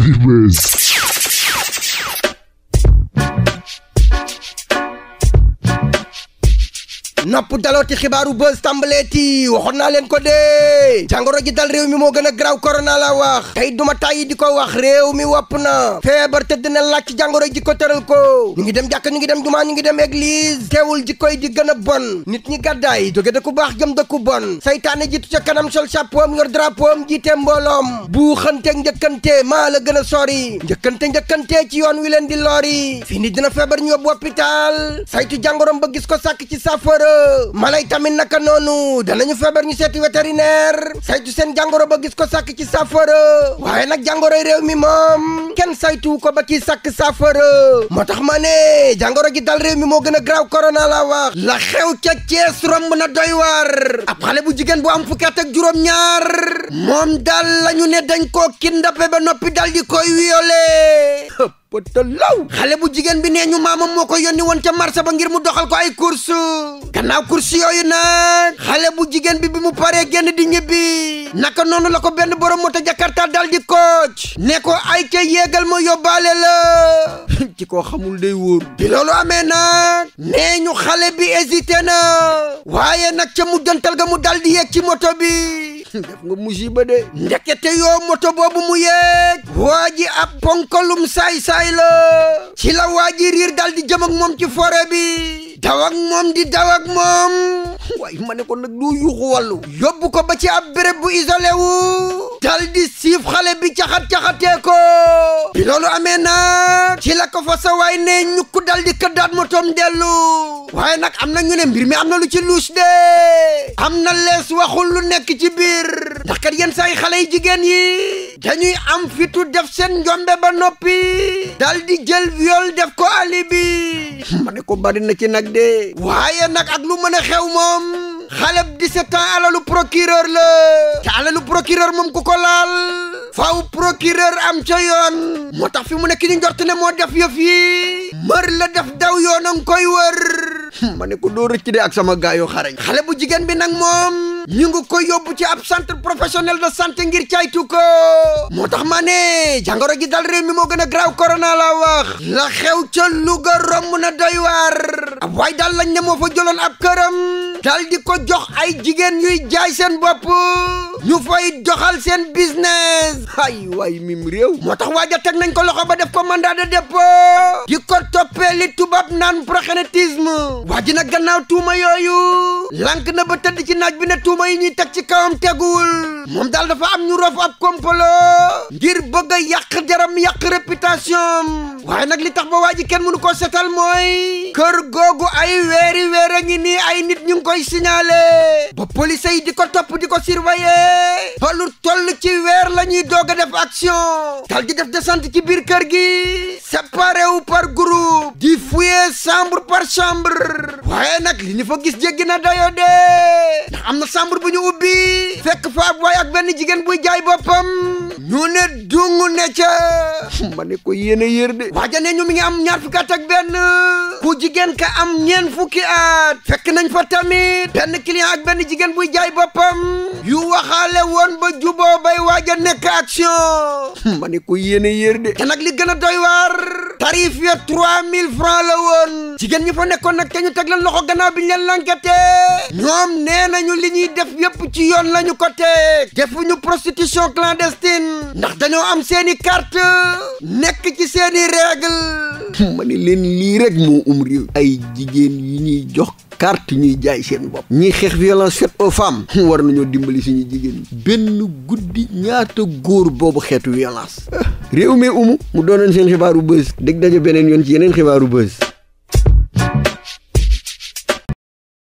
Heavyweights. nopp dalooti xibaaru buzz tàmbaleeti waxoon naa leen ko dee jàngoro ji dal réew mi moo gën a graw korona la wax tey duma tàyyi di ko wax réew mi wapp na feebar tëdd na làcc jàngoro ji ko tëral ko ñu ngi dem jàkk ñu ngi dem jumaa ñu ngi dem église teewul ji koy di gën a bon nit ñi gàddaay jóge ku baax jëm dëkku bon saytaane jiitu ca kanam sol chapeau am yor drapeau am jiite mbooloom buuxante njëkkante maa la gën a sori njëkkante njëkkante ci yoon wi leen di lori fii ni dina feebar ñu yóbbu hôpital saytu ba gis ko sàkk ci saafara mala yi tamit naka noonu ñu feebar ñu seeti vétérinaire saytu seen jàngoro ba gis ko sàkk ci saafara waaye nag jàngoroy réew mi moom kenn saytu ko ba ci sàkk saafara moo tax ma ne jàngoro gi dal réew mi moo gën a graaw corona la wax la xew ca Cees romb na doy waar ab xale bu jigéen bu am fukki at ak juróom ñaar moom daal lañu ne dañ koo kindape ba noppi dal di koy wiyole patalaw xale bu jigéen bi nee ñu maamam moo ko yónni woon ca marché ba ngir mu doxal ko ay course gannaaw course yooyu nag xale bu jigéen bi bi mu paree génn di ñibbi naka noonu la ko benn borom moto jakarta dal di ne ko ay ca yéegal ma yóbbaale la ci koo xamul day wóor bi loolu nag nee ñu xale bi hésité na waaye nag ca mujjantal ga mu dal di yéeg moto bi def nga musiba ndekete yoo moto boobu mu yéeg ab ponkalum saay-saay la ci la waa ji riir daal di jëm ak moom ci forêt bi daw ak moom di daw moom waaye ma ne ko nag doo yuuxu wàllu yóbbu ko ba ci ab béréb bu isolé wu dal di siif xale bi caxat-caxatee ko bi amee nag ci la ko fa sa waay ne ñukku dal di këddaat motoom dellu waaye nag am na ñu ne mbir mi am na lu ci luus de am na lees waxul lu nekk ci biir ndax kat yenn saa yi xale yi jigéen yi dañuy am fitu def sen njombe ba noppi dal di jël viol def ko alibi ma ne ko bari na ci nag de waaye nag ak lu mën a xew moom xale bu 17 alalu procureur la te alalu procureur moom ku ko laal faaw procureur am ca yoon moo tax fi mu nekk ni njort ne moo def yëf yi mër la def daw yoonang koy wër ma ne ko doo rëcc de ak sama gaayu xarañ xale bu bi nag moom ñu ngi ko yóbbu ci ab centre professionnel de santé ngir caytu ko moo tax maa ne jàngoro gi dal réew mi moo gën a graaw corona la wax la xew ca Louga romb na doy waar ab waay daal lañ ne moo ab këram dal di ko jox ay jigéen ñuy jaay seen bopp ñu fay doxal seen business ay waay mim réew moo tax waaja teg nañ ko loxo ba def ko mandat de dépôt di ko toppee li tubaab naan proxénétisme waa ji nag gannaaw tuuma yooyu lank na ba tëdd ci naaj bi ne tuuma yi ñuy teg ci kawam teguwul moom daal dafa am ñu rof ab complot ngir bëgg a yàq jaram yàq réputation waaye nag li tax ba waa ji kenn mënu koo setal mooy kër googu ay weeri weer ngi nii ay nit ñu ngi koy signaler ba police yi di ko topp di ko surveiller ba lu toll ci weer la ñuy doog a def action dal di def desant ci biir kër gi séparé wu par groupe di fouiller sambre par chambre waaye nag li ñu fa gis jéggi na dayo de ndax am na chambre bu ñu ubbi fekk fa ab waay ak benn jigéen buy jaay boppam ñu ne dung ne ca ma ne ko yéen a yér de waaja ne mi ngi am ñaar fukki at ak benn ku jigéen ka am ñeen fukki at fekk nañ fa tamit benn client ak benn jigéen buy jaay boppam yu waxaale woon ba juboo bay waaj a nekk action hmm. ma ne ko yéene yéer de te nag li gën a doy waar tarif francs la woon jigéen ñi fa nekkoon nag te ñu teg leen loxo gannaaw bi ñu leen lankete ñoom nee nañu li ñuy def yépp ci yoon la ñu ko teg defuñu prostitution clandestine ndax dañoo am seeni carte nekk ci seeni règle ma ni leen lii rek moo um réew ay jigéen yi ñuy jox carte ñuy jaay seen bopp ñiy xeex violence faite aux femmes war nañoo dimbali suñu jigéen benn guddi ñaata góor boobu xeetu violence réew mi umu mu doonoon seen xibaaru bës dégg daje beneen yoon ci yeneen xibaaru bës